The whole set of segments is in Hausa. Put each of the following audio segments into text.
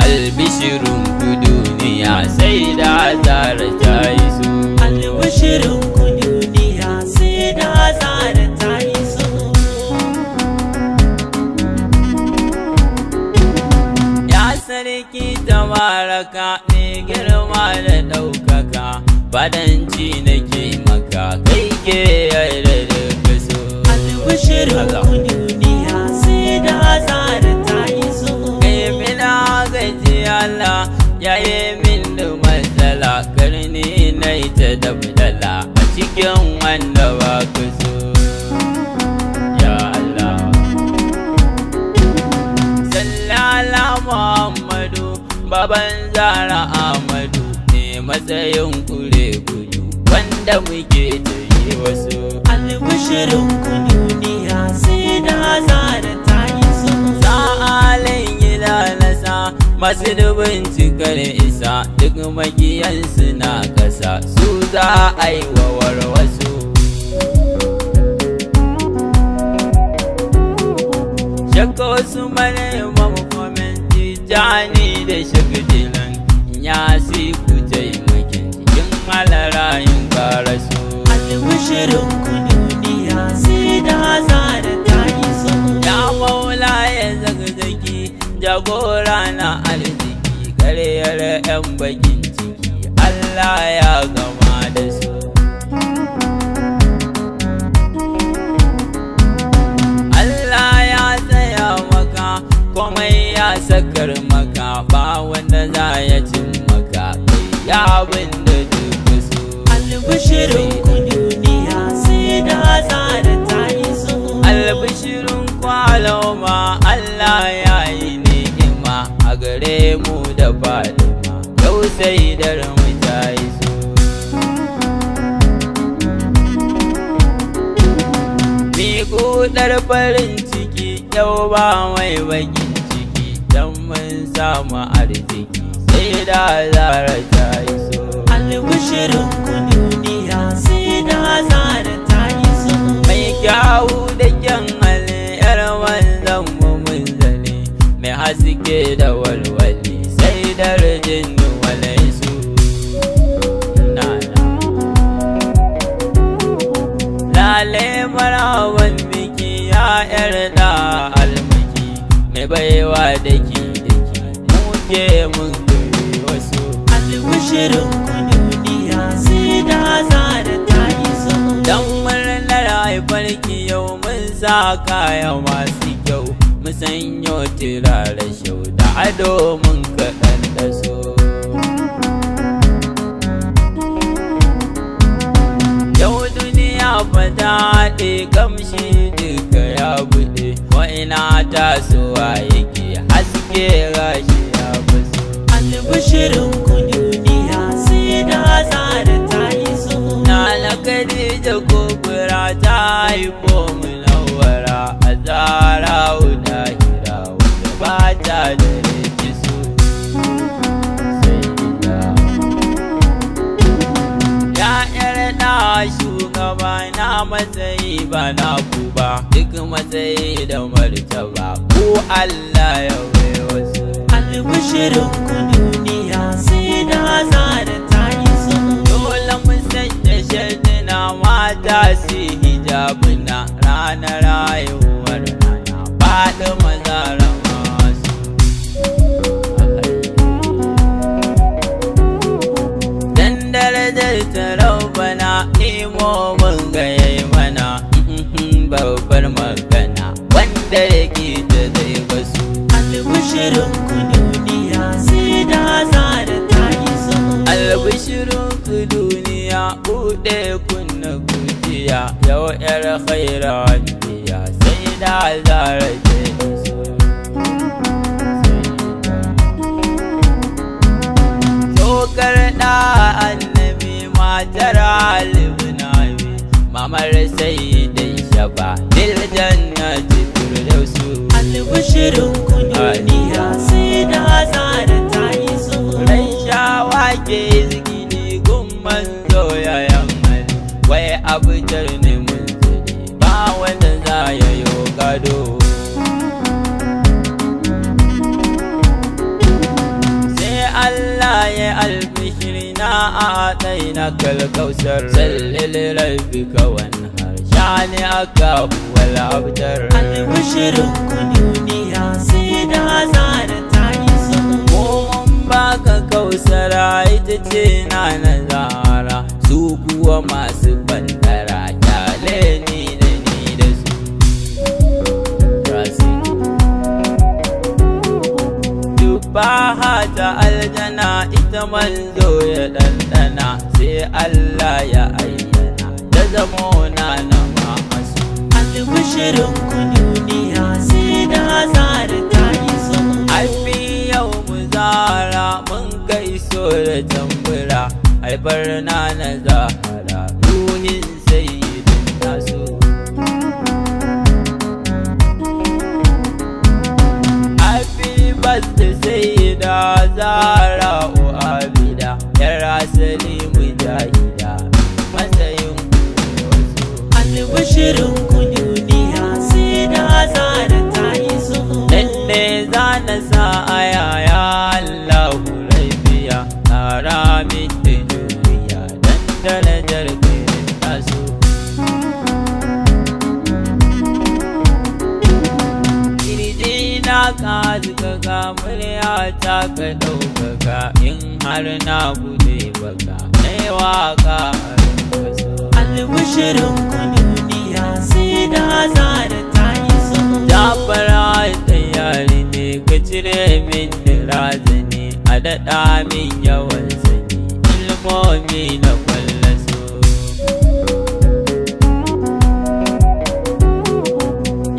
Albishirin ku duniya sai da azara ta iso. Albishirin girma da ɗaukaka fadanci nake maka kai ke yarda da kaso albishirin duniya sai da azara ta yi zo kai mina gaji Allah ya yi min da matsala karni na ita da a cikin wanda ba kusa baban zara amadu ne matsayin kure gudu wanda muke tayi wasu albishirin kuduniya duniya sai da zara ta yi sun a yi lalasa masu dubin cikar isa duk magiyansu na kasa su za a yi wa wasu. Shakko su male tijani da shagadilan ya si ku taimakin cikin malarayin karasu albishirin ku duniya si da hazara ta ya maula ya zagzagi jagora na arziki karyar yan bakin ciki allah ya gama da su Allah ya tsaya maka komai sakar maka ba wanda za ya cin maka ya wanda duka su albishirin ku duniya sai da da ta su. albishirin kwaloma Allah ya yi ni'ima a gare mu da fadima yau sai da iso ɗar farin ciki yau ba mai baki mun samu arziki sai da zara ta iso albishirin ku duniya sai da zara ta iso mai kyawu da kyan hali yar wanzan mu mun zane mai haske da walwali sai darajin walai Lale marawan biki ya yarda almaki mai baiwa da kuke mun wasu albishirin duniya si da zara ta iso dan murnar haifarki yau mun sa kaya masu kyau mu sanyo turare shau da ado mun kaɗan da so yau duniya fata haɗe kamshi duka ya buɗe ko ina tasowa yake haske rashi. shirin ku duniya sai da tsara ta yi so na lakari da gobara ta haifo mu nawara a tsara wuta kira wanda ba ta da rikisu ya'yar na shugaba na matsayi ba na ku ba duk matsayi da martaba ko Allah ya bai wasu albishirin kudu tasi hijabina ranar rayuwar ana faɗi mazaran masu dan darajar tarau bana nemo mana mhm, babbar magana wanda yake ta zai albishirin ku duniya sai da ta yi albishirin ku duniya buɗe ku ya yau yar khaira biya sai da zarake Tokar da annabi matar halibna bi mamar sai da shaba dil jannati firdausu albishirin ku ne sai da zarata rai sha wake. nijar ne mun tsiri ba wanda za ya yi gado sai Allah ya alfishiri na a tsaye na kalkausar tsallil rafi kawan har shani aka wal abdar albishirin ku duniya sai da zara ta yi sama ko baka kausara ita ce na nazara su kuwa masu baha ta aljana ita manzo ya ɗanɗana sai Allah ya ayyana da zamona na ma'asu. kushirin ku duniya sai da hazara ta yi sun. fi yau muzara, zara mun so da tambura, ai barna na zara. waƙa ka murya ta ka ɗaukaka in har na gude baka nai waƙa albishirin ku duniya sai da zara ta yi sun jafara tsayari ne ka cire min da razani a daɗa min yawan sani ilmomi na kwallaso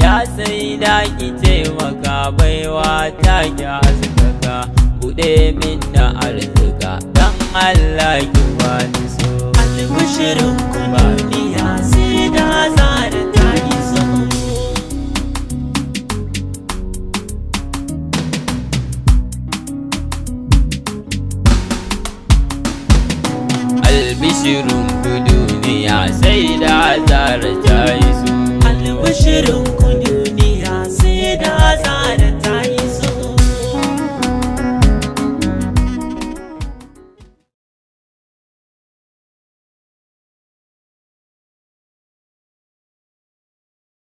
ya sai da baiwa ta ki haskaka buɗe min da arzuka dan Allah ki bani so albishirin ku ya sai da za